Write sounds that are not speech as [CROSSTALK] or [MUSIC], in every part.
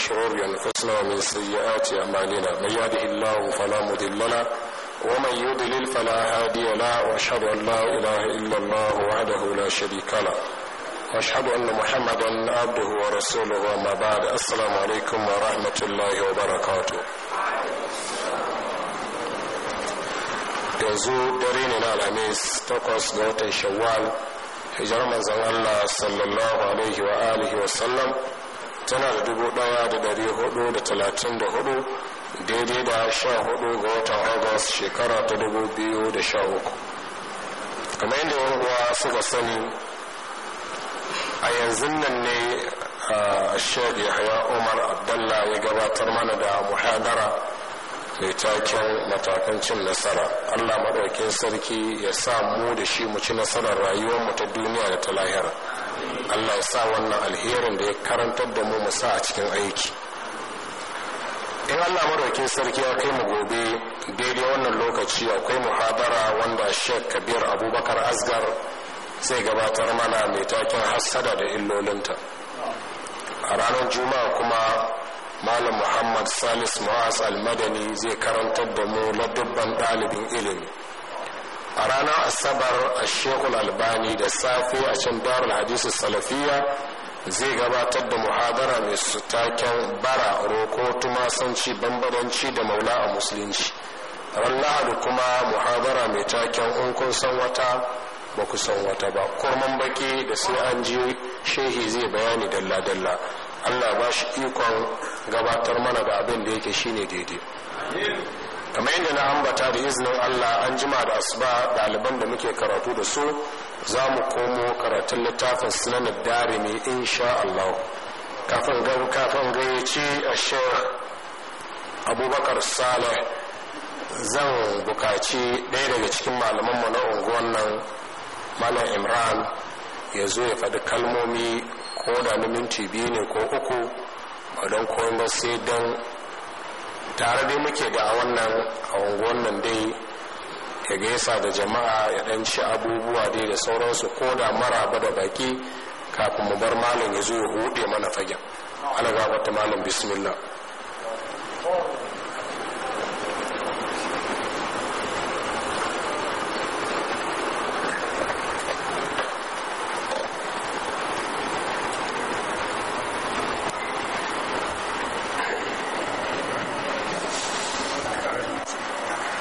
شرور أنفسنا ومن سيئات أعمالنا من يهده الله فلا مضل له ومن يضلل فلا هادي له وأشهد أن لا إله إلا الله وحده لا شريك له وأشهد أن محمدا عبده ورسوله وما بعد السلام عليكم ورحمة الله وبركاته yanzu dare ne na alhamis takwas ga watan shawwal hijirar manzon allah sallallahu alaihi wa alihi wa sallam tana da dubu daya da dari hudu da talatin da hudu daidai da sha hudu ga watan agus shekara ta dubu biyu da sha uku kamar yadda yankuwa suka sani a yanzu nan ne a shaɗi haya umar abdalla ya gabatar mana da muhadara mai taken matakan cin nasara allah maɗaukin sarki ya sa mu da shi mu ci nasarar rayuwar mu ta duniya da ta lahira allah ya sa wannan alherin da ya karantar da mu mu a cikin aiki in allah maraukin sarki ya kai mu gobe daidai wannan lokaci akwai muhabara wanda sheikh kabir abubakar asgar zai gabatar mana mai takin hassada da illolinta a ranar juma'a kuma malam muhammad salis mu'az madani zai karantar da mu ladubban ɗalibin ilimi a ranar asabar a shekul albani da safe a can darul hadisu salafiya zai gabatar da muhadara mai su taken bara roko tumasanci bambadanci da maula a musulunci ran lahadi kuma muhadara mai taken in san wata ba ku san wata ba kurman baki da sai an ji shehi zai bayani dalla-dalla allah ba shi ikon gabatar mana da abin da yake shine daidai kamar yadda na ambata da izinin allah an jima da asuba ɗaliban da muke karatu da su za mu komo karatun littafin sunanar in insha allah kafin kafin gayyaci a abubakar saleh zan bukaci ɗaya daga cikin malamanmu na unguwan nan malam imran ya zo ya faɗi kalmomi ko da na minti biyu ne ko uku ba don koyon ba sai don tare dai muke da a wannan a unguwan dai ya gaisa da jama'a ya dan ci abubuwa dai da sauransu ko da mara ba da baki kafin mu bar malam ya zo ya hude mana fagen ana ta malam bismillah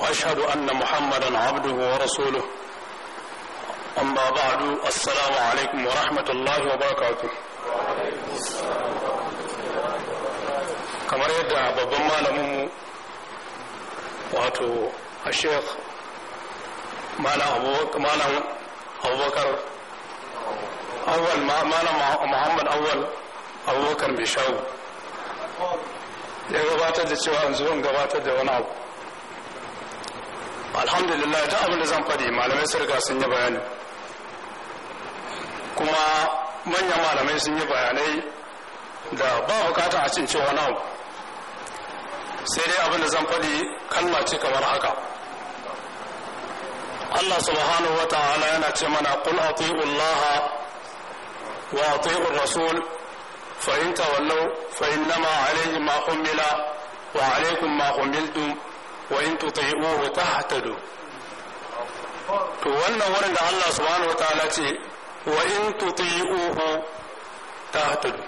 واشهد ان محمدا عبده ورسوله اما بعد السلام عليكم ورحمه الله وبركاته kamar yadda babban malaminmu wato a sheikh malam abubakar awal malam muhammad awal abubakar mai shagu ya gabatar da cewa yanzu gabatar da wani abu alhamdulillah ta abin da zan faɗi malamai sun riga sun yi bayani kuma manyan malamai sun yi bayanai da ba bukata a cin cewa na sai dai abin da zan faɗi kalma ce kamar haka Allah subhanahu wa ta'ala yana ce mana qul ati'u Allah wa ati'u rasul fa in tawallu fa innama alayhi ma humila wa alaykum ma humiltum wa in tuti'uhu tahtadu to wannan wurin da Allah subhanahu ta'ala ce wa in tuti'uhu tahtadu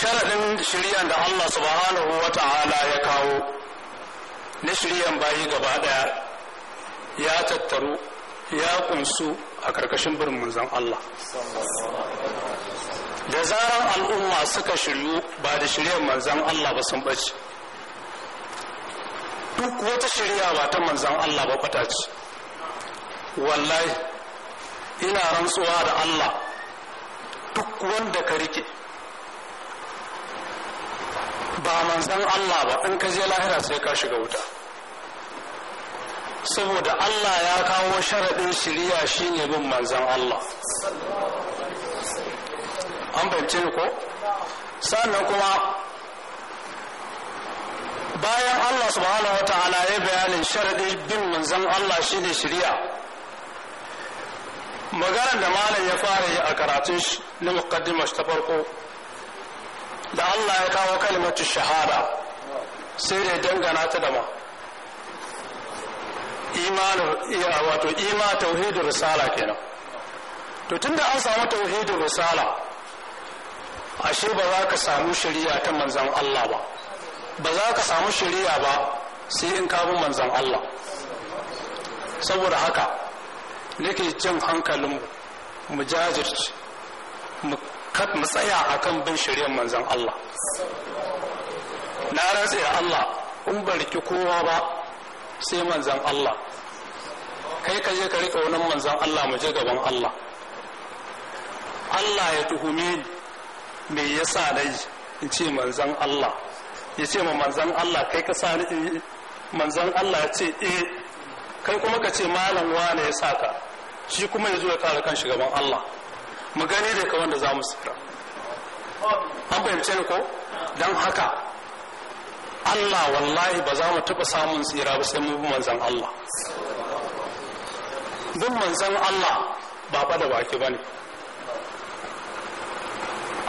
sharadin shirya da Allah subhanahu ta'ala ya kawo na shiryan bayi gaba daya ya tattaru ya kunsu a karkashin birnin manzon Allah da zarar al'umma suka shiryu ba da shiryan manzon Allah ba sun bace duk wata shari'a ba ta manzan Allah ba kwata ce wallahi ina rantsuwa da Allah duk wanda ka rike ba manzan Allah ba in ka je lahira sai ka shiga wuta saboda Allah ya kawo sharaɗin shirya shine bin manzan Allah an bance ko sannan kuma bayan Allah subhanahu wa ta'ala ya bayanin sharadin bin manzon Allah shi shine shirya maganar da malam ya fara yi a karatun shi na muqaddima ta farko da Allah ya kawo kalmatu shahada sai da dangana ta da ma imanin wato ima tauhidin risala kenan to tunda an samu tauhidin risala ashe ba za ka samu shari'a ta manzon Allah ba ba za ka samu shari'a ba sai in ka bi manzan Allah saboda haka nake jin hankalin mu jajirce mu tsaya akan bin shari'ar manzan Allah na rantse Allah in ba riki kowa ba sai manzan Allah kai ka je ka rika wani manzan Allah mu je gaban Allah Allah ya tuhume ni me yasa na in ce manzan Allah ya ce ma manzan Allah kai ka sa ni manzan Allah ya ce eh kai kuma ka ce malam wane ya sa ka shi kuma ya zo ya kare kan gaban Allah mu gani da ka wanda za mu sira an fahimce ni ko don haka Allah wallahi ba za mu taɓa samun tsira ba sai mu bi manzan Allah bin manzan Allah ba fa da baki ba ne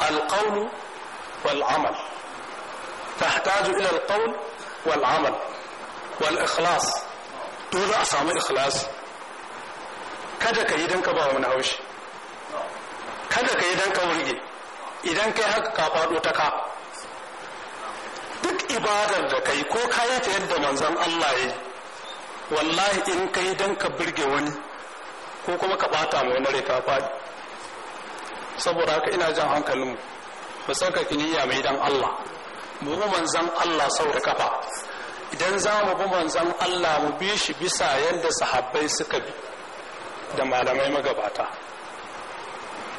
alƙaunu amal tahtaju ila alqawl wal amal wal ikhlas dole a samu ikhlasi kada ka yi dan ka ba wani haushi kada ka yi dan ka wurge idan kai haka ka faɗo ta ka duk ibadar da kai ko ka yi ta yadda manzon Allah ya yi wallahi in yi dan ka burge wani ko kuma ka ɓata ma wani ka faɗi saboda haka ina jan hankalinmu mu saka kiniya mai dan Allah mu bi manzan Allah sau da kafa idan za mu bi manzan Allah mu bi shi bisa yadda sahabbai suka bi da malamai magabata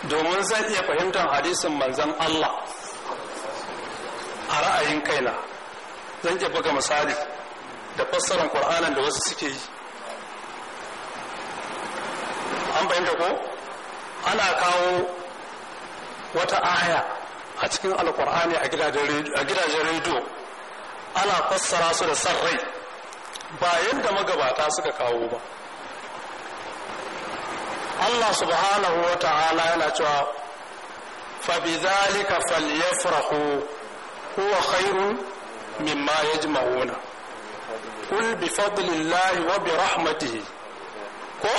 domin zan iya fahimtar hadisin manzan Allah a ra'ayin kaina zan iya buga misali da fassarar ƙur'anin da wasu suke yi an fahimta ko ana kawo wata aya a cikin alkur'ani a gidajen rediyo ana fassara su da sarrai ba yadda magabata suka kawo ba allah subhanahu wa ta'ala yana cewa فبذلك فليفرحوا هو خير bi يجمعون قل wa bi وبرحمته ko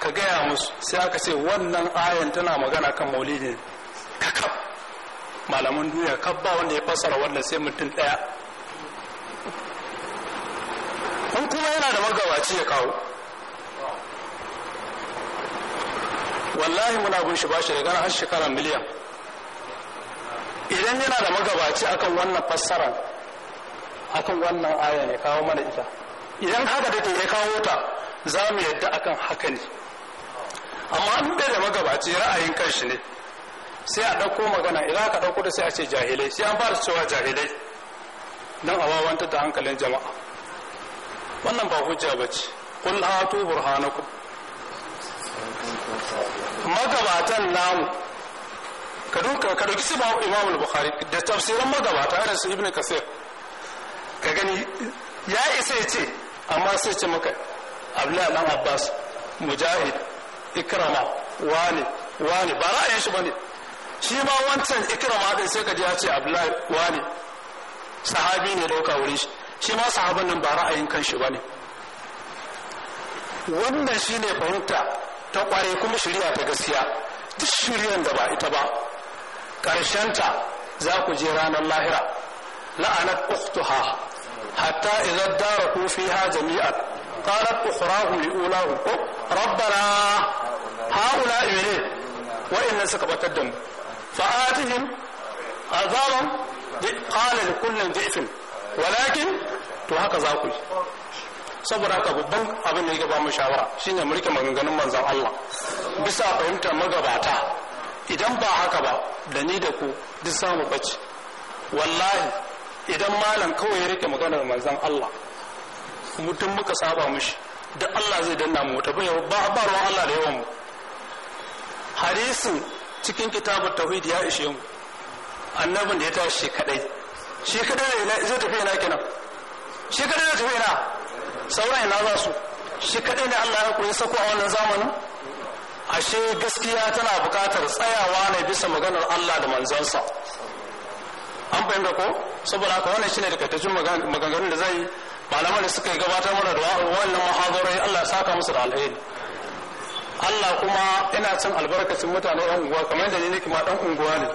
ka gaya musu sai aka ce wannan ayan tana magana kan maulidin kakab malaman duniya kabba wanda ya fassara wannan sai mutum ɗaya kun kuma yana da magabaci ya kawo wallahi muna gun shi bashi daga har shekara miliyan idan yana da magabaci akan wannan fassara akan wannan aya ne kawo mana ita idan haka da ya kawo ta za mu yadda akan haka ne amma in da magabaci ra'ayin kanshi ne sai a ɗauko magana idan aka ɗauko da sai a ce jahilai sai an fara cewa jahilai don a wawanta da hankalin jama'a wannan ba hujja ba ce kun hatu burhanaku magabatan namu ka duka ka dauki su imam bukhari da tafsirin magabata irin su ibn kasir ka gani ya isa ya ce amma sai ce maka abdullahi dan abbas mujahid ikrama wani wani ba ra'ayin shi bane shi ma wancan ikrama din sai ka ji ya ce abdullahi wani sahabi ne dauka wuri shi shi ma sahaban nan ba ra'ayin kan ba bane wannan shi ne fahimta ta kware kuma shirya ta gaskiya duk shiryan da ba ita ba ta za ku je ranar lahira la'anat uktuha hatta ku fi ha jami'an qalat ukhrahum li ulahum oh, rabbana haula ne wa'annan suka batar da mu فآتهم عذابا قال لكل ضعف ولكن to haka za yi saboda haka babban abin da ya gaba mu shawara shine mu rike maganganun manzon Allah bisa fahimtar magabata idan ba haka ba da ni da ku duk samu bace wallahi idan malam kawai ya rike maganar manzon Allah mutum muka saba mishi da Allah zai danna mu ta ba ba Allah da yawan mu hadisin cikin kitabun tawhid ya ishe mu annabin da ya tashi shi kadai shi kadai ne zai tafi ina kenan shi kadai zai tafi ina sauran ina za su shi kadai ne Allah ya koyi sako a wannan zamanin ashe gaskiya tana buƙatar tsayawa ne bisa maganar Allah da manzansa an fahimta ko saboda haka wannan shine daga tajin maganganun da zai malaman da suka gabatar mana da wannan muhawarai Allah ya saka musu da alheri Allah kuma ina cin albarkacin mutane yan unguwa kamar da ni ne kuma dan unguwa ne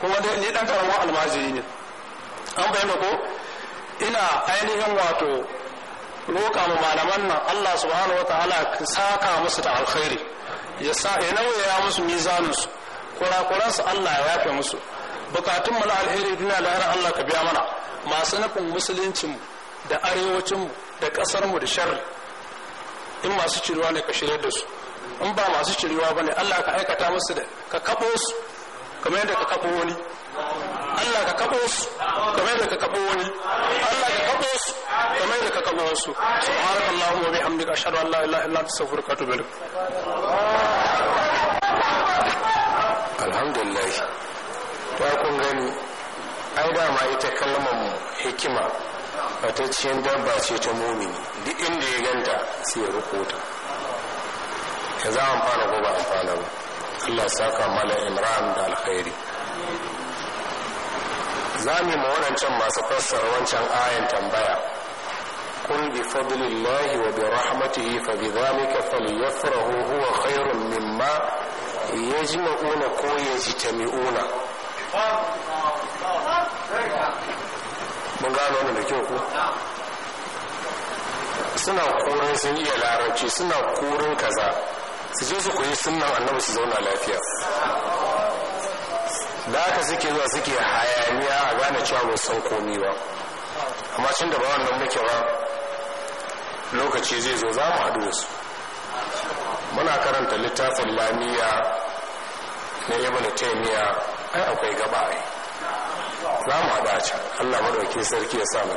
kuma ni dan karamin almajiri ne an bayyana ko ina ainihin wato roƙa ma malaman nan Allah subhanahu wa ta'ala saka musu da alkhairi ya sa ya nauya musu mizanin su kurakuransu Allah ya yafe musu bukatun mu na alheri duniya lahira Allah ka biya mana masu nufin musulunci mu da arewacin mu da kasar mu da sharri in masu ciruwa ne ka shirya da su in ba masu cirewa ba ne allah ka aikata musu da ka kabo su kamar yadda ka kabo wani allah ka kabo su kamar yadda ka kabo wani allah ka kabo su kamar yadda ka kabo wasu subhanaka allahumma wa bihamdi ka an allah ilaha illa anta astaghfiruka wa atubu ilaik alhamdulillah to kun gani ai dama ita kalmar hikima wata ciyan dabba ce ta mumini duk inda ya ganta sai ya rukuta ya za amfana ko ba amfana ba allah saka mala imran da alkhairi za mu yi waɗancan masu fassara wancan ayan tambaya wa bi bi rahmatihi fa bi فبذلك falyafrahu huwa khairun mimma yajma'una ko yajtami'una mun gano da kyau ko suna koran sun iya larabci suna korin kaza su je su koyi sunan annabi su zauna lafiya da aka suke zuwa suke hayaniya a gane cewa ba san komi ba amma cin da ba wannan muke ba lokaci zai zo za mu haɗu da su muna karanta littafin lamiya na ibn taymiya ai akwai gaba ai za mu haɗu a can allah maɗauki sarki ya sa mu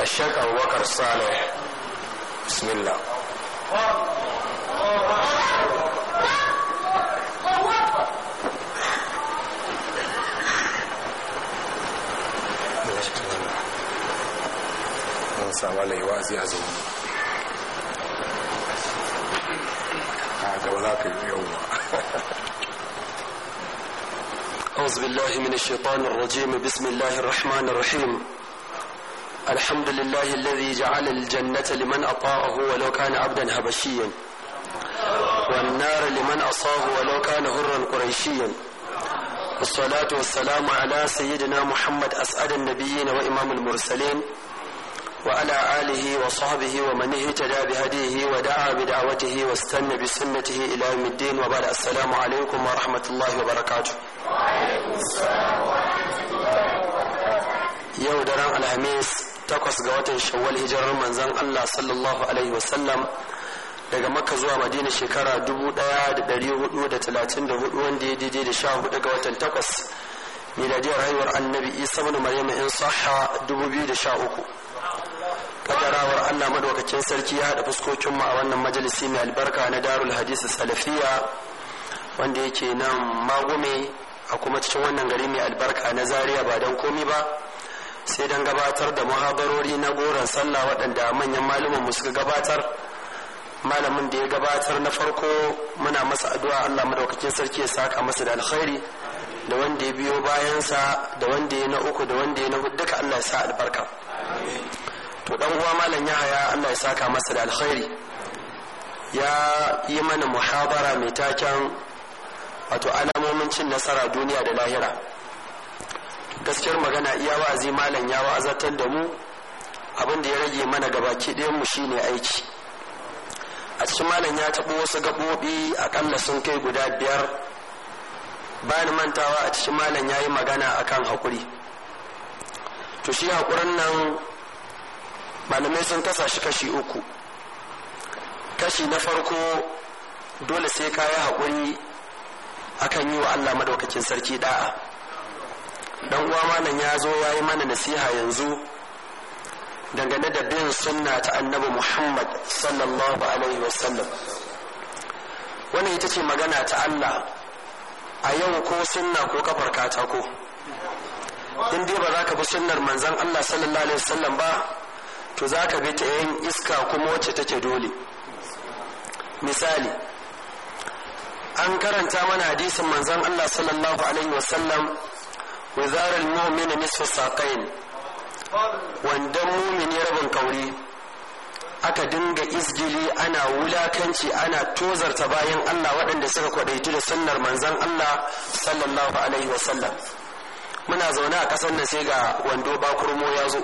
a shekaru wakar saleh bismillah أعوذ بالله من الشيطان الرجيم بسم الله الرحمن الرحيم الحمد لله الذي جعل الجنة لمن أطاعه ولو كان عبدا هبشيا والنار لمن أصاب ولو كان هرا قريشيا والصلاة والسلام على سيدنا محمد أسعد النبيين وإمام المرسلين وعلى آله وصحبه ومن اهتدى بهديه ودعا بدعوته واستنى بسنته إلى يوم الدين وبعد السلام عليكم ورحمة الله وبركاته وعليكم السلام ورحمة الله وبركاته يوم دران الخميس takwas ga watan shawwal hijirar manzon Allah sallallahu alaihi wasallam daga makka zuwa madina shekara 1434 wanda ya daidai da 14 ga watan 8 miladiyar haihuwar annabi isa bin maryam in sahha 2013 kadarawar allah madaukakin sarki ya haɗa fuskokin mu a wannan majalisi mai albarka na darul hadisi salafiya wanda yake nan magume a kuma cikin wannan gari mai albarka na Zariya ba don komi ba sai don gabatar da muhabarori na goron sallah waɗanda manyan malumin mu suka gabatar malamin da ya gabatar na farko muna masa addu'a Allah madaukakin sarki ya saka masa da alkhairi da wanda ya biyo bayansa da wanda ya na uku da wanda ya na hudu duka Allah ya sa albarka to dan uwa malam Yahaya Allah ya saka masa da alkhairi ya yi mana muhabara mai taken wato alamomin cin nasara duniya da lahira gaskiyar magana iya wa'azi malam ya wa'azatar da mu abin da ya rage mana gabaki ɗayan mu shine aiki a cikin malam ya taɓo wasu gaɓoɓi aƙalla sun kai guda biyar bayan mantawa a cikin malam ya yi magana a kan haƙuri to shi haƙurin nan malamai sun kasa shi kashi uku kashi na farko dole sai ka yi haƙuri akan yi wa allah madaukakin sarki da'a don uwa malam ya zo ya yi mana nasiha yanzu dangane da bin sunna ta annabi muhammad sallallahu alaihi wasallam wani ita ce magana ta allah a yau ko sunna ko kafar katako in dai ba za ka bi sunnar manzan allah sallallahu alaihi wasallam ba to za ka bi ta yin iska kuma wacce take dole misali an karanta mana hadisin manzan allah sallallahu alaihi wasallam wizarar mu'mini nisfu saqain wandan mumini rabin kauri aka dinga izgili ana wulakanci ana tozarta bayan Allah waɗanda suka kwadaitu da sunnar manzan Allah sallallahu alaihi wasallam muna zaune a ƙasar nan sai ga wando bakurmo ya zo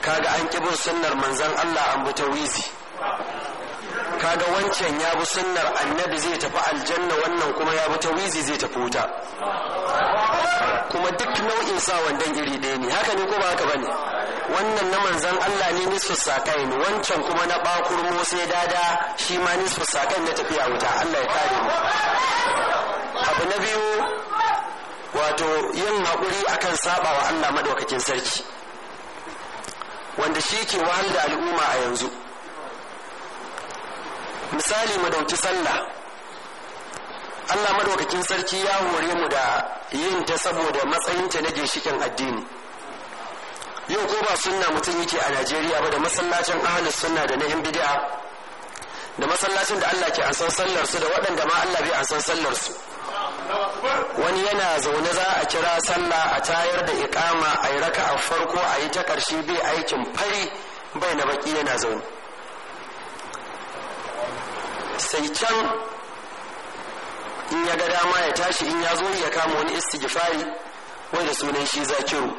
kaga an ƙi bin sunnar manzan Allah an bi wizi kaga wancan ya bi sunnar annabi zai tafi aljanna wannan kuma ya bi wizi zai tafi wuta kuma duk nau'in sa wandan iri ɗaya ne haka ne ko ba haka bane wannan na manzan Allah ne nisfu sakai ne wancan kuma na bakurmo sai dada shi ma nisfu sakai na tafiya wuta Allah ya kare mu abu na biyu wato yin haƙuri akan saba wa Allah madaukakin sarki wanda shi ke wahal da al'umma a yanzu misali mu dauki sallah Allah madaukakin sarki ya hore mu da yin ta saboda matsayinta na ginshikin addini yau ko ba sunna mutum yake a najeriya ba da masallacin ahalus sunna da na yan bid'a da masallacin da allah ke an san sallar da waɗanda ma allah bai an san sallar wani yana zaune za a kira sallah a tayar da iƙama a yi raka a farko a yi ta ƙarshe bai aikin fari bai na baƙi yana zaune sai can in ya ga dama ya tashi in ya zo ya kama wani istighfari wai da sunan shi za zakiru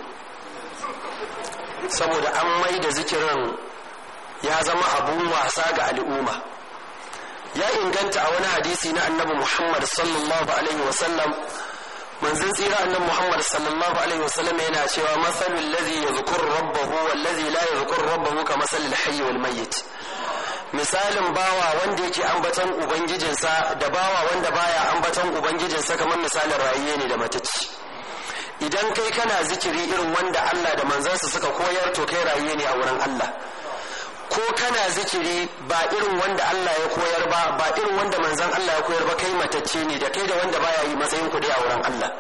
saboda an mai da zikirin ya zama abun wasa ga al'umma ya inganta a wani hadisi na annabi muhammad sallallahu alaihi wasallam manzon tsira annabi muhammad sallallahu alaihi wasallam yana cewa masalul ladhi yadhkur rabbahu wal ladhi la yadhkur rabbahu ka masalil hayy wal mayyit misalin bawa wanda yake ambaton ubangijinsa da bawa wanda baya ambaton ubangijinsa kamar misalin rayuwa ne da matacci idan kai kana zikiri irin wanda Allah da manzansa suka koyar to kai rayuwa ne a wurin Allah ko kana zikiri ba irin wanda Allah ya koyar ba ba irin wanda manzan Allah ya koyar ba kai matacce ne da kai da wanda baya yi matsayin ku dai a wurin Allah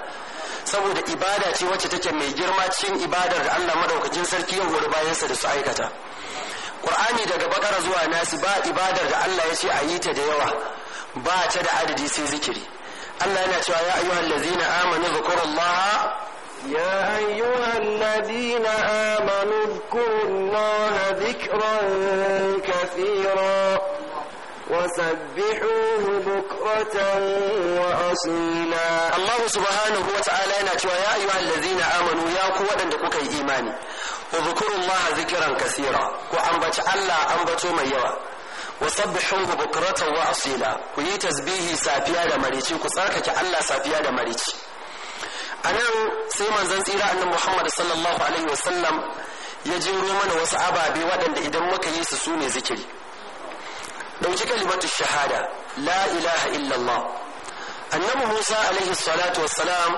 saboda ibada ce wacce take mai girma cikin ibadar da Allah madaukakin sarki ya hori bayansa da su aikata qur'ani daga bakara zuwa nasi ba ibadar da Allah ya ce a yi ta da yawa ba ta da adadi sai zikiri Allah yana cewa ya ayyuhal ladzina amanu zkurullaha ya ayyuhal الذين amanu zkurullaha dhikran ذكرا وسبحوه بكرة وأصيلا الله سبحانه وتعالى نتوى يا أيها الذين آمنوا يا قوة لكوك إيماني اذكروا الله ذكرا كثيرا وأنبت الله أنبتوا من يوى wasabbihuhu bukratan wa asila ku yi tasbihi safiya da marici ku tsarkake Allah safiya da marici anan sai manzon tsira annabi Muhammad sallallahu alaihi wasallam ya jiro mana wasu ababe waɗanda idan muka yi su sune zikiri dauki kalimatu shahada la ilaha illallah annabi musa alaihi salatu wassalam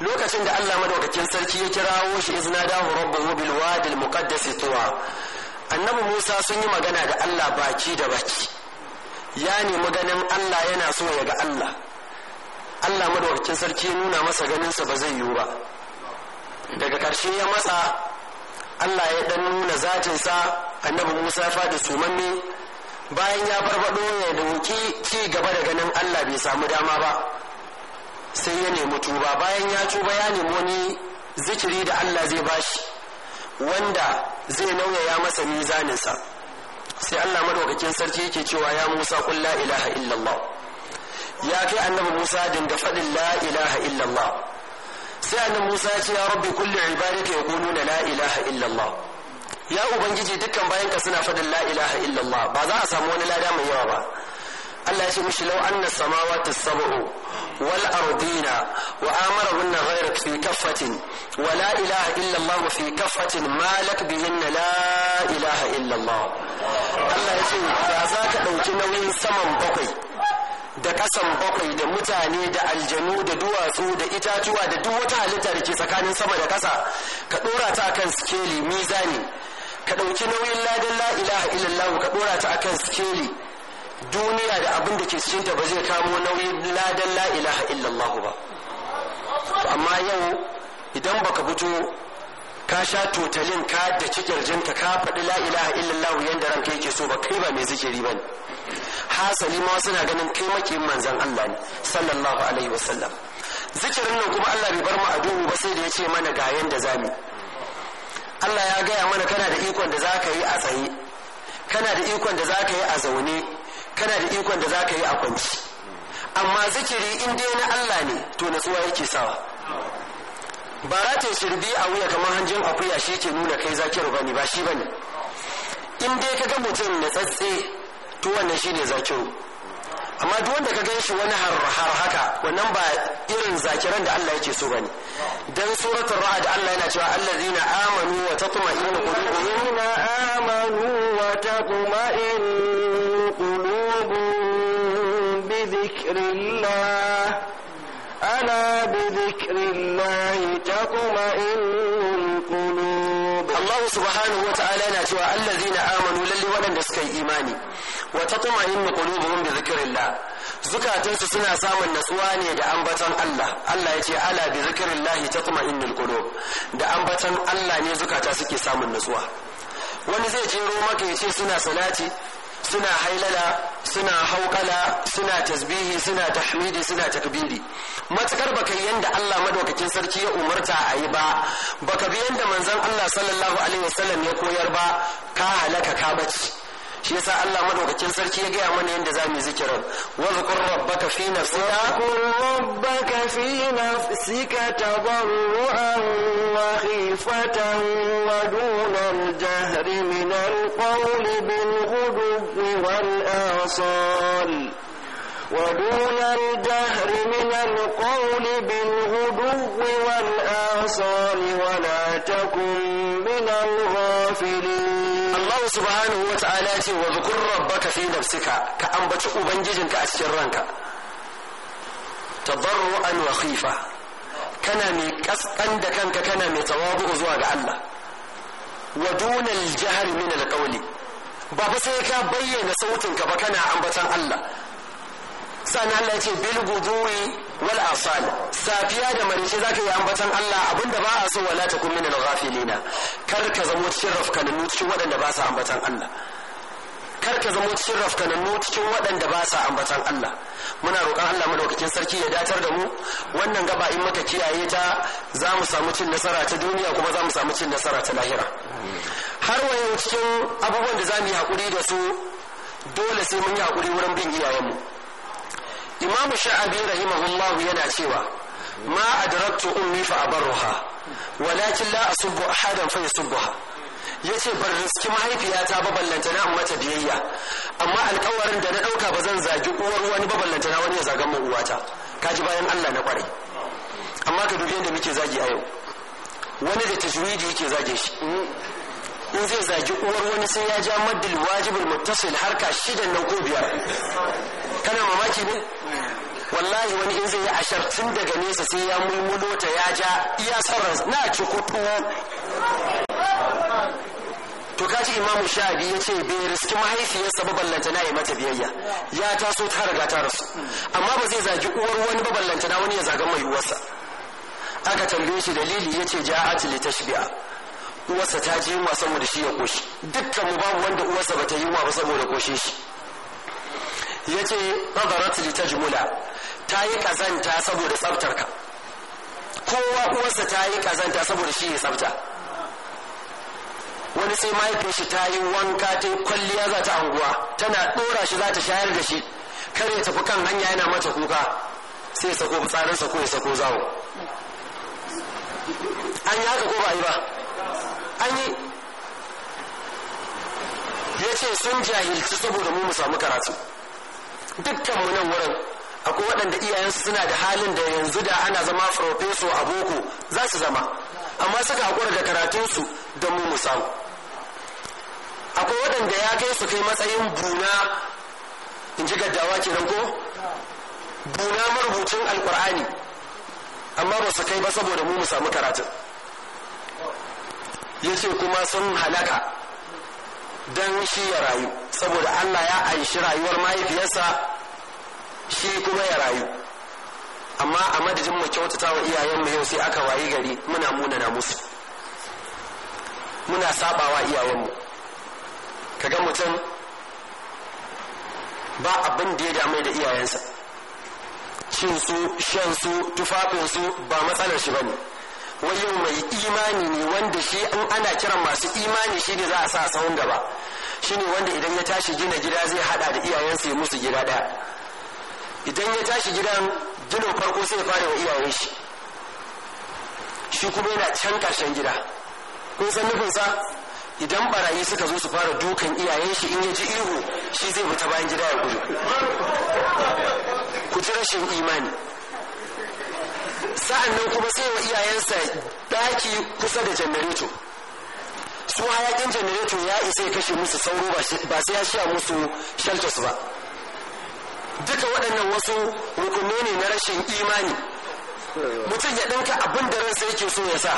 lokacin da allah madaukakin sarki ya kirawo shi izna da rabbuhu bil wadi al muqaddas tuwa annabi musa sun yi magana da allah baki da baki ya nemi ganin allah yana so ya ga allah allah madaukakin sarki ya nuna masa ganinsa ba zai yiwu ba daga ƙarshe ya matsa allah ya dan nuna zatinsa annabi musa ya faɗi sumanni bayan ya farfado ya dauki ci gaba da ganin Allah bai samu dama ba sai ya nemi tuba bayan ya tuba ya nemi wani zikiri da Allah zai bashi wanda zai nauyaya masa mizaninsa sai Allah madaukakin sarki yake cewa ya Musa kun la ilaha illallah ya kai annabi Musa dinga faɗin la ilaha illallah sai annabi Musa ya ce ya rabbi kulli ibadika yaquluna la ilaha illallah ya ubangiji dukkan bayan ka suna faɗin la ilaha illallah ba za a samu wani lada mai yawa ba Allah ya ce mishi law anna samawati sab'u wal ardina wa amara hunna ghayrak fi kaffatin wa la ilaha illallah fi kaffatin malak bihinna la ilaha illallah Allah ya ce ba za ka ɗauki nauyin saman bakwai da kasan bakwai da mutane da aljanu da duwatsu da itatuwa da duk wata halitta da ke tsakanin sama da kasa ka dora ta kan sikeli mizani ka ɗauki nauyin ladan la'ilaha illallahu ka ɗora ta akan sikeli duniya da abin da ke ta ba zai kamo nauyin ladan la'ilaha illallahu ba amma yau idan baka fito ka sha totalin ka da cikirjinka ka faɗi la'ilaha illallahu yadda yanda ranka yake so ba kai ba mai zikiri ba ne hasali ma suna ganin kai maki manzan Allah ne sallallahu alaihi wasallam zikirin nan kuma Allah bai bar mu a duhu ba sai da ya ce mana ga yanda zamu Allah ya gaya mana kana da ikon da za ka yi a tsaye kana da ikon da za ka yi a zaune kana da ikon da za ka yi a kwanci amma zikiri in dai na Allah ne to natsuwa yake sawa ba ratin shirbi a wuya kamar hanjin akuya shi ke nuna kai zakiru ne ba shi ba ne. in dai ka ga mutum na tsatse to wannan shi ne zakiru amma duk wanda ka ganshi wani har har haka wannan ba irin zakiran da Allah yake so bane dan suratul ra'd Allah yana cewa allazina amanu wa tatma'innu qulubuhum amanu wa tatma'innu qulubuhum bi dhikrillah ala bi dhikrillah tatma'innul qulub Allah subhanahu wa ta'ala yana cewa allazina amanu lalli wadanda suka yi imani wa tatma'innu qulubuhum bi dhikrillah zukatansu suna samun natsuwa ne da ambaton Allah Allah ya ce ala bi dhikrillah tatma'innul qulub da ambaton Allah ne zukata suke samun natsuwa wani zai ro maka ya ce suna salati suna hailala suna haukala suna tasbihi suna tahmidi suna takbiri matukar baka yi yanda Allah madaukakin sarki ya umarta a yi ba baka bi yanda manzon Allah sallallahu alaihi wasallam ya koyar ba ka halaka ka bace shi yasa Allah madaukakin sarki ya ga mana yanda zamu mu yi zikirin wa zikr rabbaka fi nafsika rabbaka fi nafsika tadarruan wa khifatan wa al jahri min al-qawl bil ghudwi wal asal ودون الجهر من القول بالغدو والآصال ولا تكن من الغافلين Allah subhanahu wa ta'ala ce wa zukur rabbaka fi nafsika ka ambaci ubangijinka a cikin ranka tadarruan wa khifa kana mai kaskan da kanka kana mai tawabu zuwa ga Allah wa duna al-jahr min al-qawli ba fa sai ka bayyana sautin ka ba kana ambatan Allah sannan Allah ya ce bil guduwi wal asal safiya da za zaka yi ambatan Allah abinda ba a so wala takun minal ghafilina kar ka zamo cikin rafkananu cikin waɗanda ba sa ambatan Allah kar ka zamo cikin rafkananu cikin waɗanda ba sa ambatan Allah muna roƙon Allah madaukakin sarki ya datar da mu wannan gaba in muka kiyaye ta za mu samu cin nasara ta duniya kuma za mu samu cin nasara ta lahira har wayo cikin abubuwan da za mu yi haƙuri da su dole sai mun yi haƙuri wurin bin iyayenmu imamu sha'abi rahimahullah yana cewa ma adraktu ummi fa abarruha walakin la asubbu ahadan fa yasubbuha yace bar riski mahaifiyata ba ballanta na mata biyayya amma alƙawarin da na ɗauka ba zan zagi uwar wani ba ballanta na wani ya zaga mu uwata kaji bayan Allah na kware amma ka dubi yadda muke zagi a yau wani da tajwidi yake zage shi in zai zagi uwar wani sai ya ja maddil wajibul muttasil harka shidan na ko biyar kana mamaki ne wallahi wani in zai yi ashar tun daga nesa sai ya mulmulo ta ya ja iya sarar na cikutu to kaji imamu shabi ya ce bai riski mahaifiyarsa ba na ya mata biyayya ya taso ta riga ta rasu amma ba zai zagi uwar wani ba na wani ya zaga mai uwarsa aka tambaye shi dalili ya ce ja'at li tashbi'a uwarsa ta ji yunwa saboda shi ya koshi dukkan mu babu wanda uwarsa ba ta yi yunwa ba saboda koshe shi ya ce nadarat li tajmula ta yi kazanta saboda tsaftarka kowa uwarsa ta yi kazanta saboda shi ya tsafta wani sai mahaifin shi ta yi wanka ta yi kwalliya za ta anguwa tana ɗora shi za ta shayar da shi kar ya tafi kan hanya yana mata kuka sai ya sako fitsarinsa ko ya sako zawo an yi haka ko ba yi ba an yi ya ce sun jahilci saboda mu mu samu karatu dukkan mu nan wurin akwai waɗanda iyayensu suna da halin da yanzu da ana zama farfeso a boko za su zama amma suka haƙura da karatunsu don mu mu samu akwai waɗanda ya kai su kai matsayin buna in ji gaddawa ke ko buna marubucin alkur'ani amma ba su kai ba saboda mu musamu karatun ya ce kuma sun halaka don shi ya rayu saboda allah ya aishi rayuwar mahaifiyarsa shi kuma ya rayu amma a madadin mu kyautata wa iyayenmu yau sai aka wayi gari muna munana musu muna sabawa iyayenmu kaga mutum ba abin da ya dame da iyayensa cin su shan su tufafin su ba matsalar shi bane wai yau mai imani ne wanda shi in ana kiran masu imani shi ne za a sa sahun gaba ne wanda idan ya tashi gina gida zai hada da iyayensa ya musu gida daya idan ya tashi gidan gino farko sai ya fara wa iyayen shi shi kuma yana can karshen gida kun san nufinsa idan barayi suka zo su fara dukan iyayen shi in ya ji ihu shi zai fita bayan gida ya gudu ku ji rashin imani sa'an nan kuma sai wa iyayensa daki kusa da janareto su hayakin janareto ya isa ya kashe musu sauro ba sai ya sha musu shelters ba duka waɗannan wasu rukunne ne na rashin imani mutum ya ɗinka abin da ransa yake so ya sa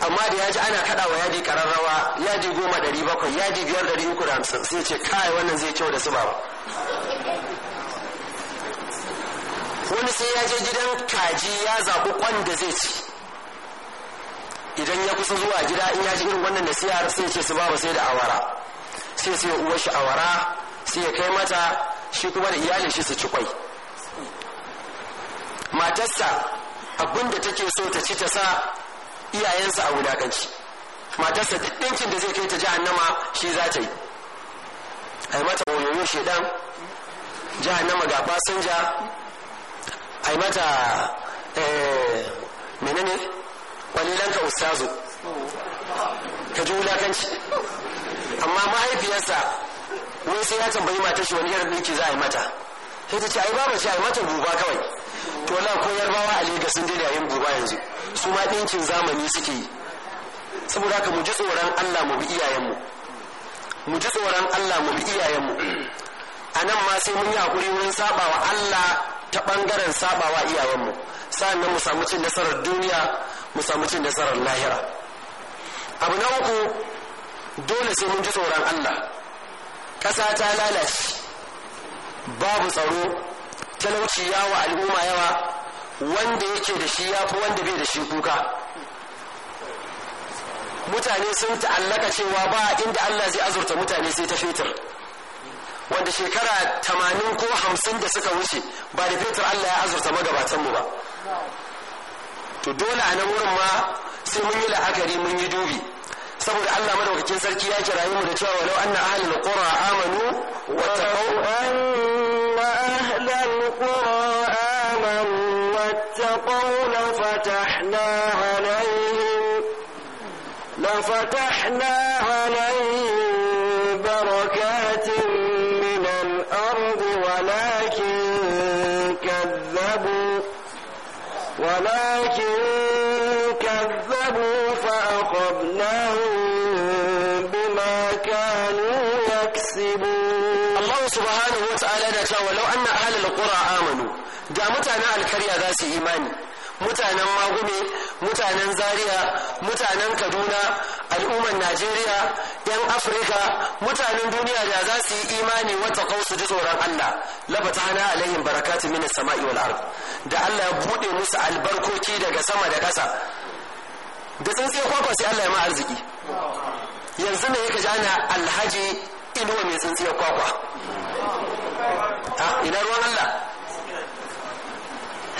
amma da ya ji ana wa yadi ƙararrawa yadi goma ɗari bakwai yadi biyar ɗari uku da hamsin sai ce kai wannan zai kyau da su ba wani sai ya je gidan kaji ya zaɓi kwan da zai ci idan ya kusa zuwa gida in ya ji irin wannan da siyar sai ce su ba sai da awara sai sai uwar shi awara sai ya kai mata shi kuma da iyalin shi su ci kwai matarsa abinda take so ta ci ta sa iyayensa a wulakanci matarsa duk ɗinkin da zai kai ta jahannama shi za ta yi a yi mata wayoyo shedan jahannama ga fasinja a yi mata eh, menene ka ustazu ka ji wulakanci amma mahaifiyarsa wai sai ya tambayi mata shi wani irin ɗinki za a yi mata sai ta ce ai babu ce yi mata guba kawai to na ko yarbawa a Legas sun daina yin guba yanzu su ma ɗinkin zamani suke yi saboda haka mu ji tsoron Allah mu bi iyayenmu mu ji tsoron Allah mu bi iyayenmu a nan ma sai mun yi hakuri wurin sabawa Allah ta bangaren sabawa iyayenmu nan mu samu cin nasarar duniya mu samu cin nasarar lahira abu na uku dole sai mun ji tsoron Allah kasa ta lalace babu tsaro talauci yawa al'umma yawa wanda yake da shi ya fi wanda bai da shi kuka mutane sun ta'allaka cewa ba inda allah zai azurta mutane sai ta fetur wanda shekara tamanin ko hamsin da suka wuce ba da fetur allah ya azurta magabatanmu ba to dole a nan wurin ma sai mun yi la'akari mun yi dubi saboda Allah madaukakin sarki ya kirayi mu da cewa walau anna ahlul qura amanu wa taqaw anna ahlul qura amanu wa taqaw la fatahna la fatahna mutanen alkarya za su yi imani mutanen magume mutanen zaria mutanen kaduna al'umman najeriya yan afirka mutanen duniya da za su yi imani wata kawo ji tsoron allah labata hana alayhim barakatun minas sama'i wal ard da allah ya buɗe musu albarkoki daga sama da ƙasa da sun sai kwakwa sai allah ya ma arziki yanzu ne yake jana ana alhaji inuwa mai tsintsiyar kwakwa ina ruwan allah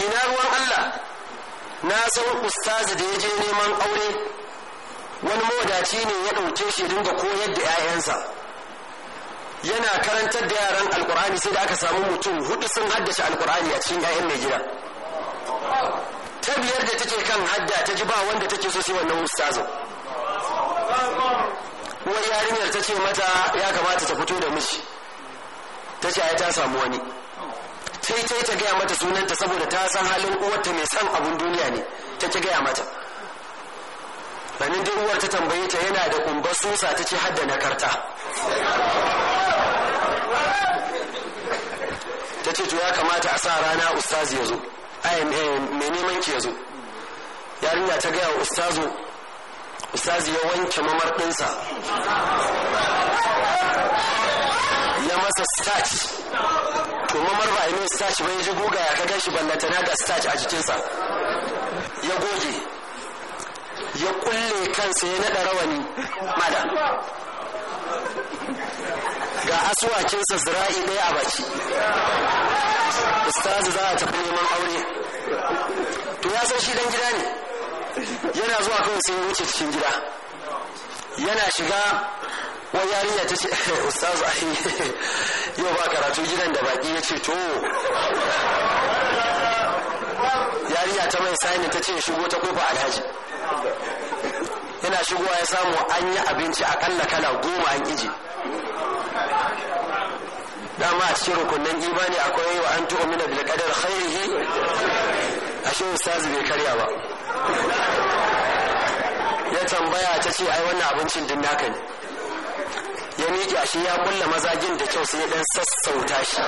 ina ruwan Allah na san ustazi da ya je neman aure wani mawadaci ne ya ɗauke shi dinga koyar da 'ya'yansa yana karantar da yaran alkur'ani sai da aka samu mutum hudu sun haddace alkur'ani a cikin 'ya'yan mai gida ta biyar da take kan hadda ta ji ba wanda take so sai wannan ustaza wani yarinyar ta ce mata ya kamata ta fito da miji ta ce ai ta samu wani taitai ta gaya mata sunanta saboda ta san halin uwarta mai san abun duniya ne ta ke gaya mata ranar da uwar ta tambaye ta yana da kumbar susa ta ce hadda na karta ta ce to ya kamata a sa rana ustazi ya zo mai neman ki ya zo yarinya ta gaya wa ustazu ustazi ya wanke mamar dinsa. ya masa starch to mamar ba a yi starch ba ya ji guga ya kaga shi na ga starch a jikinsa ya goge ya kulle kansa ya naɗa rawani mada ga asuwakinsa zira'i ɗaya a baki ustazu za a tafi neman aure to ya san shi dan gida ne yana zuwa kawai sai ya wuce cikin gida yana shiga wai yarinya ta ce eh, ustazu ai [LAUGHS] yau ba karatu gidan da baki ya ce to yarinya ta mai sani ta ce shigo ta kofa alhaji yana shigowa ya samu an yi abinci akalla kana goma an iji dama a cikin rukunin imani akwai wa an mina bil qadar khairihi ashe ustazu bai karya ba ya tambaya ta ce ai wannan abincin din naka ne ya miƙe ashe ya kulla mazajin da kyau sai dan sassauta shi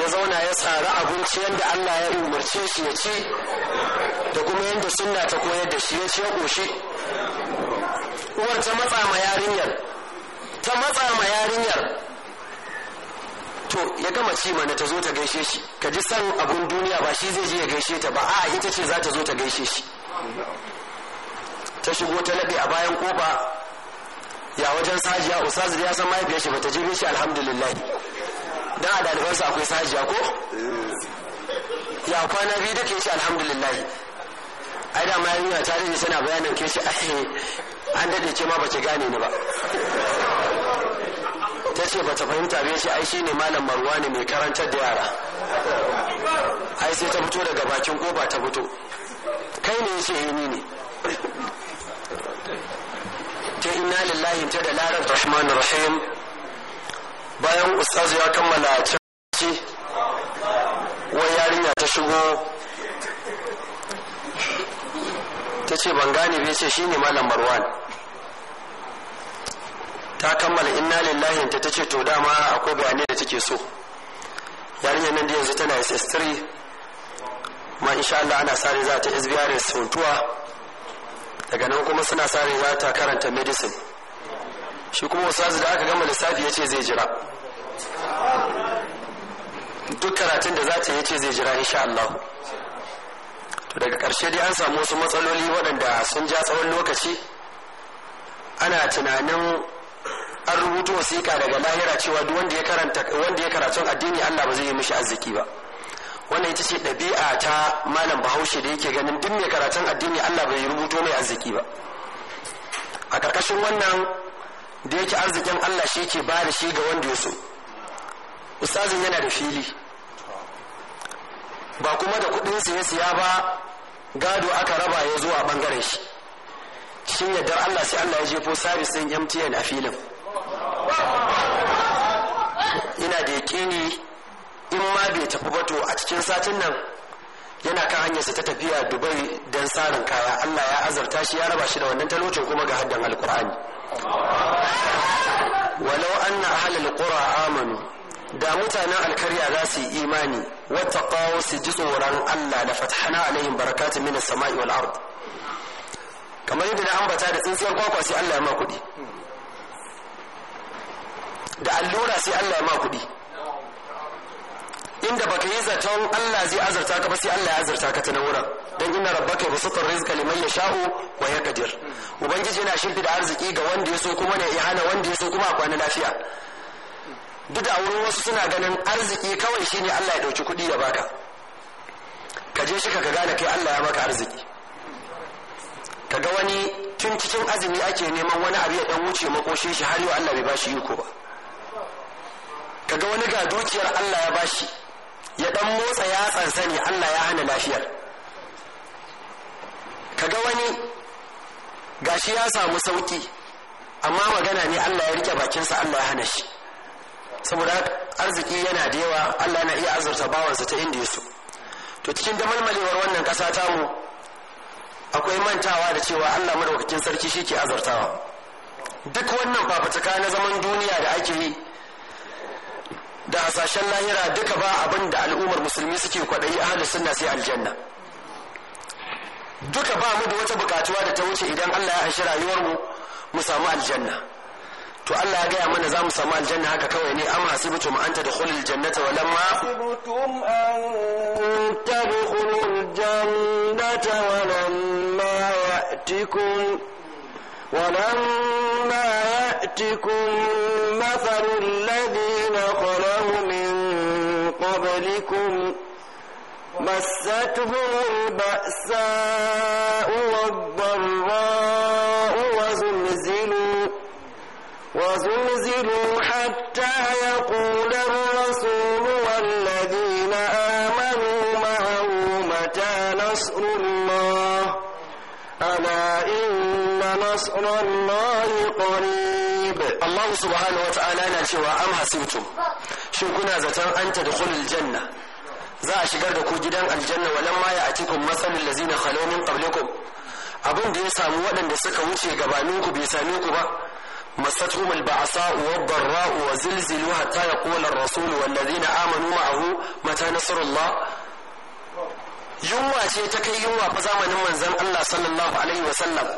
ya zauna ya tsara abinci yadda Allah ya umarce shi ya ci da kuma yadda sunna ta koyar da shi ya ci ya ƙoshi uwar ta matsa ma yarinyar ta matsa ma yarinyar to ya gama ci mana ta zo ta gaishe shi ka ji san abun duniya ba shi zai je ya gaishe ta ba a ita ce za ta zo ta gaishe shi ta shigo ta labe a bayan kofa ya wajen sajiya ustaz ya san mahaifiyar shi bata je shi alhamdulillah dan a dalibansa akwai sajiya ko ya kwana biyu duka yace alhamdulillah ai da ma ta dade tana bayanin ke shi ai an dade ce ma bace gane ni ba ta ce bata fahimta bai shi ai shine malam marwa ne mai karantar da yara ai sai ta fito daga bakin koba ta fito kai ne yace eh, ni ne ta ina lillahi ta da larar rahman rahim bayan ustazu ya kammala ci wai yarinya ta shigo ta ce ban gane bai ce shine malam marwan ta kammala inna lillahi ta ta ce to dama akwai bayanai da take so yarinyar nan da yanzu tana ss3 ma insha Allah ana sare za ta sbrs huntuwa daga nan kuma suna sare za ta karanta medicine shi kuma wasu da aka gama lissafi ya ce zai jira duk karatun da za ta yi zai jira insha Allah to daga ƙarshe dai an samu wasu matsaloli waɗanda sun ja tsawon lokaci ana tunanin an rubuta wasiƙa daga lahira cewa duk wanda ya karanta wanda ya karatun addini Allah ba zai yi mishi arziki ba wannan ita ce ɗabi'a ta malam bahaushe da yake ganin duk mai karatun addini allah bai rubuto mai arziki ba a ƙarƙashin wannan da yake arzikin allah shi ke ba da shi ga wanda ya so ustazin yana da fili ba kuma da kuɗin siya siya ba gado aka raba ya zo a ɓangaren shi shin yadda allah sai allah ya jefo sabis din mtn a filin ina da yaƙini in ma bai tafi ba to a cikin satin nan yana kan hanyarsa ta tafiya dubai don sarin kaya allah ya azarta shi ya raba shi da wannan talocin kuma ga haddan alkur'ani walau na halal qura amanu da mutanen alkarya za su yi imani wata kawo su ji tsoron Allah da fatahana alaihim barakatun minas sama'i wal ard kamar yadda na ambata da tsintsiyar kwakwa sai Allah ya ma kuɗi da allura sai Allah ya ma kuɗi inda baka yi zaton Allah zai azarta ka ba sai Allah ya azarta ka ta na wurin dan inna rabbaka yabsutur rizqa liman yasha'u wa yaqdir ubangiji yana shimfi da arziki ga wanda ya so kuma ne ya hana wanda ya so kuma akwai kwana lafiya duk da wurin wasu suna ganin arziki kawai shine Allah ya dauki kuɗi ya baka ka je shi ka gane kai Allah ya maka arziki kaga wani tun cikin azumi ake neman wani abu ya dan wuce makoshi shi har yau Allah bai bashi iko ba kaga wani ga dukiyar Allah ya bashi ya dan motsa ya sani Allah ya hana lafiyar ka ga wani gashi ya samu sauki amma magana ne Allah ya rike bakinsa Allah ya hana shi saboda arziki yana da yawa Allah na iya azurta bawansa ta inda yaso to cikin damalmalewar wannan kasa tamu akwai mantawa da cewa Allah madaukakin sarki shi ke azurtawa duk wannan fafutuka na zaman duniya da ake yi da hasashen lahira duka ba abin da al'ummar musulmi suke kwaɗayi ahlus sunna sai aljanna duka ba mu da wata bukatuwa da ta wuce idan Allah ya anshi rayuwar mu mu samu aljanna to Allah ya gaya mana za mu samu aljanna haka kawai ne am hasibtum an tadkhulul jannata wa lamma an jannata wa lamma ولما يأتكم مثل الذين خلوا من قبلكم مستهم البأساء والضراء yana cewa am hasibtum shin kuna zaton an tadkhulul janna za a shigar da ku gidan aljanna walamma a cikin masalul lazina khalaw min qablikum abin da ya samu waɗanda suka wuce gabaninku bai same ku ba مستهم البعثاء والضراء وزلزلوا حتى يقول الرسول والذين آمنوا معه متى نصر الله yunwa ce ta kai yunwa fa zamanin manzon Allah sallallahu alaihi wasallam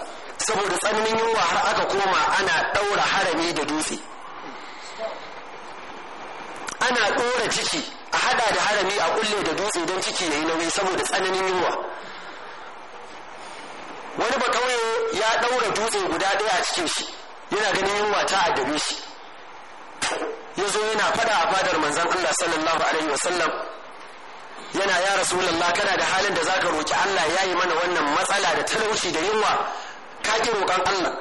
saboda tsananin yunwa har aka koma ana ɗaura harami da dutse ana ɗora ciki a hada da harami a kulle da dutse don ciki ya yi nauyi saboda tsananin yunwa wani ba ya ɗaura dutse guda ɗaya a cikin shi yana ganin yunwa ta addabe shi ya zo yana faɗa a fadar manzan Allah sallallahu alaihi wa sallam yana ya rasulallah kana da halin da zaka roki Allah ya yi mana wannan matsala da talauci da yunwa ka ki roƙon Allah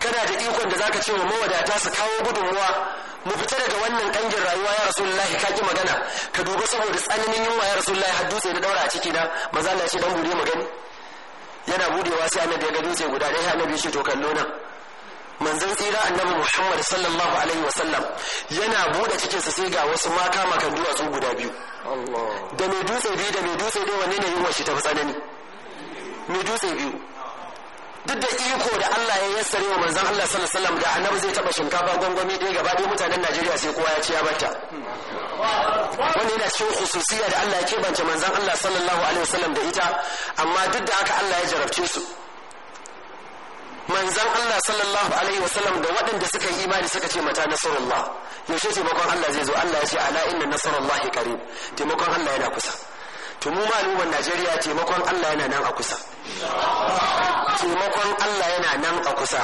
kana da ikon da zaka ce wa mawadata su kawo gudunmuwa mu fita daga wannan kangin rayuwa ya rasulullahi ka ki magana ka duba saboda tsananin yunwa ya rasulullahi har dutse na daura a ciki na maza na ce dan bude mu gani yana budewa sai annabi ya ga dutse guda ɗaya annabi shi to kallo nan manzon tsira annabi muhammad sallallahu alaihi sallam yana bude cikinsa sai ga wasu mata makan duwatsu guda biyu da mai dutse biyu da mai dutse dai wanne ne yunwa shi ta fi tsanani mai dutse biyu duk da iko da Allah ya yassare wa manzon Allah sallallahu alaihi wasallam da annabi zai taba shinkafa gwangwami dai gaba dai mutanen Najeriya sai kowa ya ci ya bata wani yana cikin hususiya da Allah ya kebance manzon Allah sallallahu alaihi wasallam da ita amma duk da haka Allah ya jarabce su manzon Allah sallallahu alaihi wasallam da waɗanda suka yi imani suka ce mata nasarullah yaushe taimakon Allah zai zo Allah ya ce ala inna nasarullahi qarib taimakon Allah yana kusa to mu maluman Najeriya taimakon Allah yana nan a kusa taimakon Allah yana nan a kusa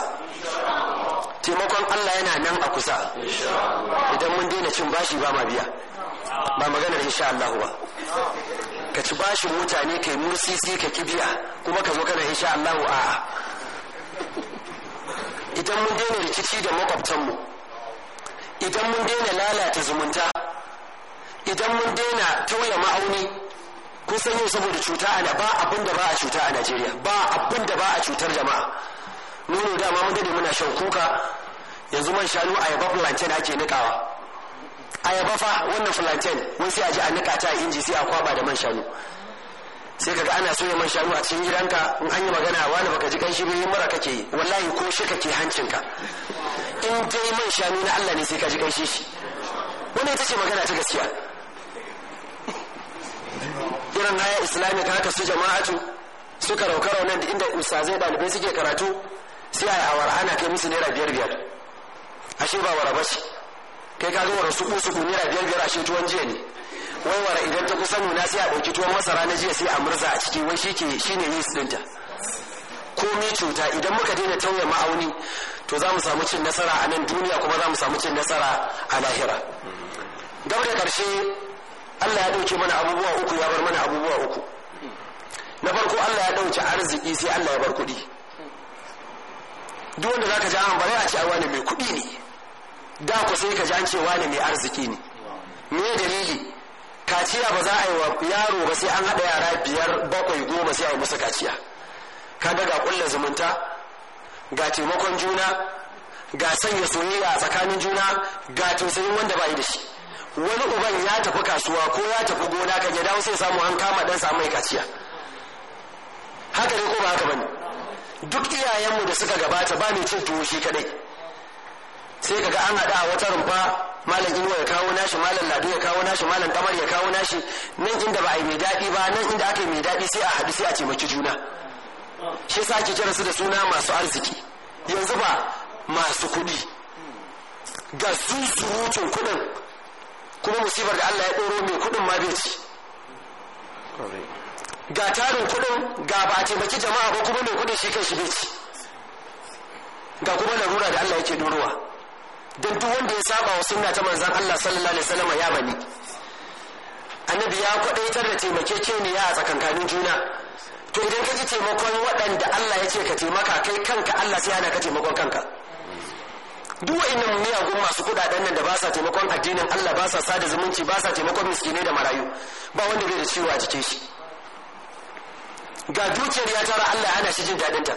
taimakon Allah yana nan a kusa idan mun daina cin bashi ba ma biya ba maganar insha Allah ba ka ci bashin mutane kai mursisi ka kibiya kuma ka zo kana insha Allah a'a idan mun daina rikici da makwabtanmu idan mun daina lalata zumunta idan mun daina tauya ma'auni kun san yau saboda cuta ana ba abin da ba a cuta a Najeriya ba abin da ba a cutar jama'a nono dama mun dade muna shan kuka yanzu man shanu ayaba plantain ake nikawa ayaba fa wannan plantain wai sai a ji a nika ta inji sai a kwaba da man shanu sai kaga ana soya man shanu a cikin gidanka in an yi magana wani baka ji kanshi yin mara kake yi wallahi ko shi kake hancinka in dai man shanu na Allah ne sai ka ji kanshi shi wannan ita ce magana ta gaskiya irin haya islamic haka su jama'atu suka rauka nan da inda ustazai dalibai suke karatu sai a ana kai musu naira biyar biyar ashe ba wara bashi kai ka wara su ku naira biyar biyar ashe tuwon jiya ne wai wara idan ta kusa nuna sai a ɗauki tuwon masara na jiya sai a murza a ciki wai shike shine yeast dinta mi cuta idan muka daina tauye ma'auni to za mu samu cin nasara a nan duniya kuma za mu samu cin nasara a lahira gab da ƙarshe Allah ya dauke mana abubuwa uku ya bar mana abubuwa uku na farko Allah ya dauke arziki sai Allah ya bar kuɗi duk wanda zaka ji an bare a ce wani mai kuɗi ne da ku sai ka ji an ce wani mai arziki ne me dalili kaciya ba za a yi wa yaro ba sai an haɗa yara biyar bakwai goma sai a yi musu kaciya ka ga ga ƙulla zumunta ga taimakon juna ga sanya soyayya tsakanin juna ga tausayin wanda ba yi da shi wani uban ya tafi kasuwa ko ya tafi gona kan ya dawo sai samu an kama dan samu mai kaciya haka ne ko ba haka bane duk iyayenmu da suka gabata ba mai cin tuwo shi kadai sai kaga an hada wata rumfa malam inuwa ya kawo nashi malam ladu ya kawo nashi malam tamar ya kawo nashi nan inda ba a yi mai daɗi ba nan inda aka yi mai daɗi sai a haɗu sai a taimaki juna shi sa ke kira su da suna masu arziki yanzu ba masu kuɗi ga su surutun kuɗin kuma musibar da Allah ya ɗoro mai kuɗin ma bai ci ga tarin kuɗin ga ba a taimaki jama'a ba kuma mai kuɗin shi kai shi bai ci ga kuma larura da Allah yake ɗorowa don duk wanda ya saba wa sunna ta manzan Allah sallallahu alaihi wasallam ya bani annabi ya kwadaitar da taimakekeniya a tsakankanin juna to idan ka ji taimakon waɗanda Allah ya ce ka taimaka kai kanka Allah sai ana ka taimakon kanka duk wa'annan miyagun masu kudaden nan da ba sa taimakon addinin Allah ba sa sada zumunci ba sa taimakon miskinai da marayu ba wanda bai da ciwo a jikin shi ga dukiyar ya tara Allah ana shi jin dadinta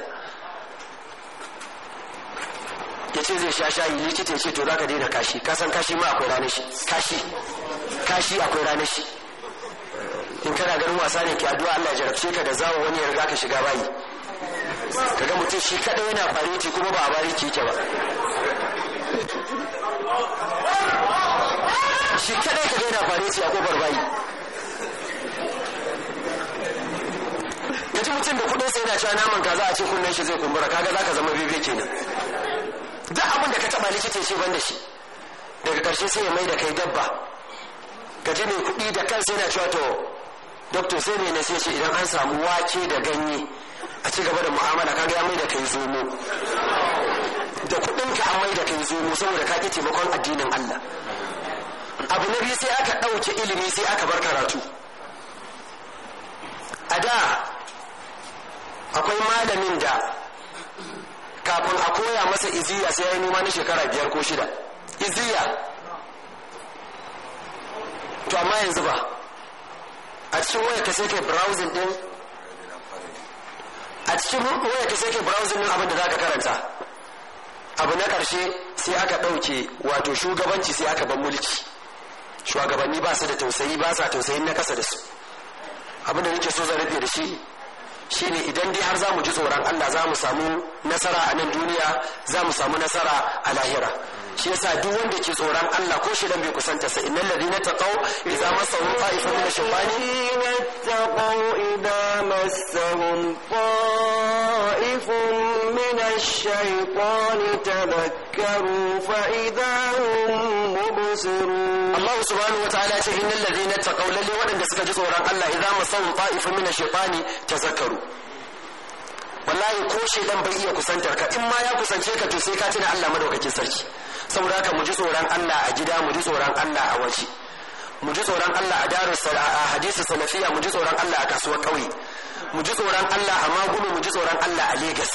ya ce zai sha shayi likita ya ce to zaka daina kashi ka san kashi ma akwai ranar shi kashi kashi akwai ranar shi in kana ganin wasa ne ki addu'a Allah ya jarabce ka da zawo wani ya riga ka shiga bayi kaga mutum shi kadai yana fariti kuma ba a ki yake ba shi kadai ka gaina fareci a kofar bayi yaji mutum da kudin sai yana cewa naman kaza a ce kunnen shi zai kumbura kaga ka zama bebe kenan duk abin da ka taba likita ce ban da shi daga karshe sai ya mai da kai dabba ka ji mai kudi da kansa yana cewa to doktor sai mai nasiya ce idan an samu wake da ganye a ci gaba da mu'amala kaga ya mai da kai zomo da kudin ka an mai da kai zomo saboda ka ki taimakon addinin Allah abu na biyu sai aka ɗauke ilimi sai aka bar karatu a da akwai malamin da kafin a koya masa iziya sai ya yi noma na shekara biyar ko shida iziya to amma yanzu ba a cikin waya ka sai ke browsing din a cikin waya ka sai ke browsing din abinda za ka karanta abu na karshe sai aka ɗauke wato shugabanci sai aka ban mulki shugabanni ba su da tausayi ba sa tausayin na kasa da su abin da nake so zan rufe da shi shine idan dai har za mu ji tsoron Allah za mu samu nasara a nan duniya za mu samu nasara a lahira shi yasa duk wanda ke tsoron Allah ko dan bai kusanta sa innal ladina taqaw idza masahum ta'ifun min ash-shaytani taqaw idza masahum ta'ifun min ash-shaytani tadhakkaru fa idza hum mubsirun Allah subhanahu wataala ya ce innal ladina taqaw lalle wadanda suka ji tsoron Allah idza masahum ta'ifun min ash-shaytani tazakkaru wallahi ko shedan bai iya kusantar ka in ma ya kusance ka to sai ka tuna Allah madaukakin sarki saboda haka mu ji tsoron Allah a gida mu ji tsoron Allah a waje mu ji tsoron Allah a darus a hadisi salafiya mu ji tsoron Allah a kasuwar kauye mu ji tsoron Allah a magulu mu ji tsoron Allah a Legas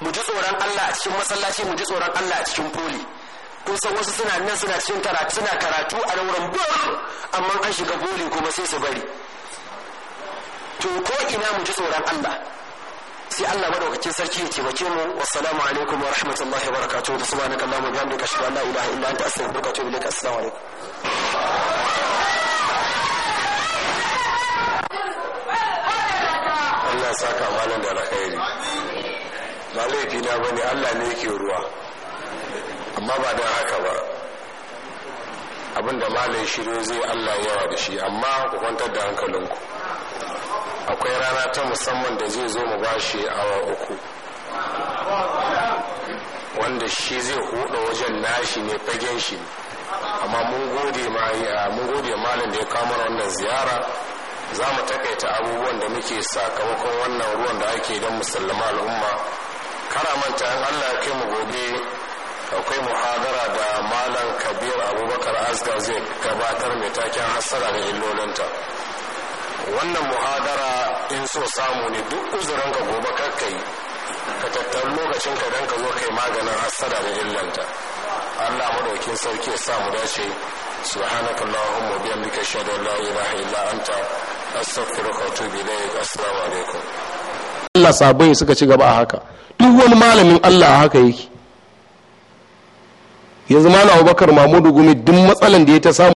mu ji tsoron Allah a cikin masallaci mu ji tsoron Allah a cikin poli kun san wasu suna nan suna cikin karatu suna karatu a wurin bor amma an shiga poli kuma sai su bari to ko ina mu ji tsoron Allah sai Allah madaukakin sarki ya taimake mu wassalamu alaikum wa rahmatullahi wa barakatuh allahumma wa bihamdika ashhadu an la ilaha illa anta astaghfiruka wa atubu ilaik assalamu alaikum Allah saka malam da alkhairi ba laifi na bane Allah ne yake ruwa amma ba dan haka ba abinda malam shiro zai Allah yawa da shi amma ku kwantar da hankalinku akwai rana ta musamman da zai zo mu bashi awa uku wanda shi zai hudu wajen nashi ne fagen shi amma mun gode mun da ya kama wannan ziyara za mu takaita abubuwan da muke sakamakon wannan ruwan da ake don musulma al'umma manta in allah ya kai mu gobe akwai muhadara da malam kabir abubakar asgar zai gabatar mai taken hassara da illolinta wannan muhadara in so samu ne duk uzurin ka gobe kakkai ka tattar lokacin ka don ka zo kai maganin hassada da illanta Allah madaukin sauki ya samu dace subhanakallahumma bihamdika ashhadu an la ilaha illa anta astaghfiruka wa atubu ilayk assalamu alaikum Allah sabai suka ci gaba a haka duk wani malamin Allah a haka yake yanzu malam Abubakar Mahmudu Gumi duk matsalan da ya ta samu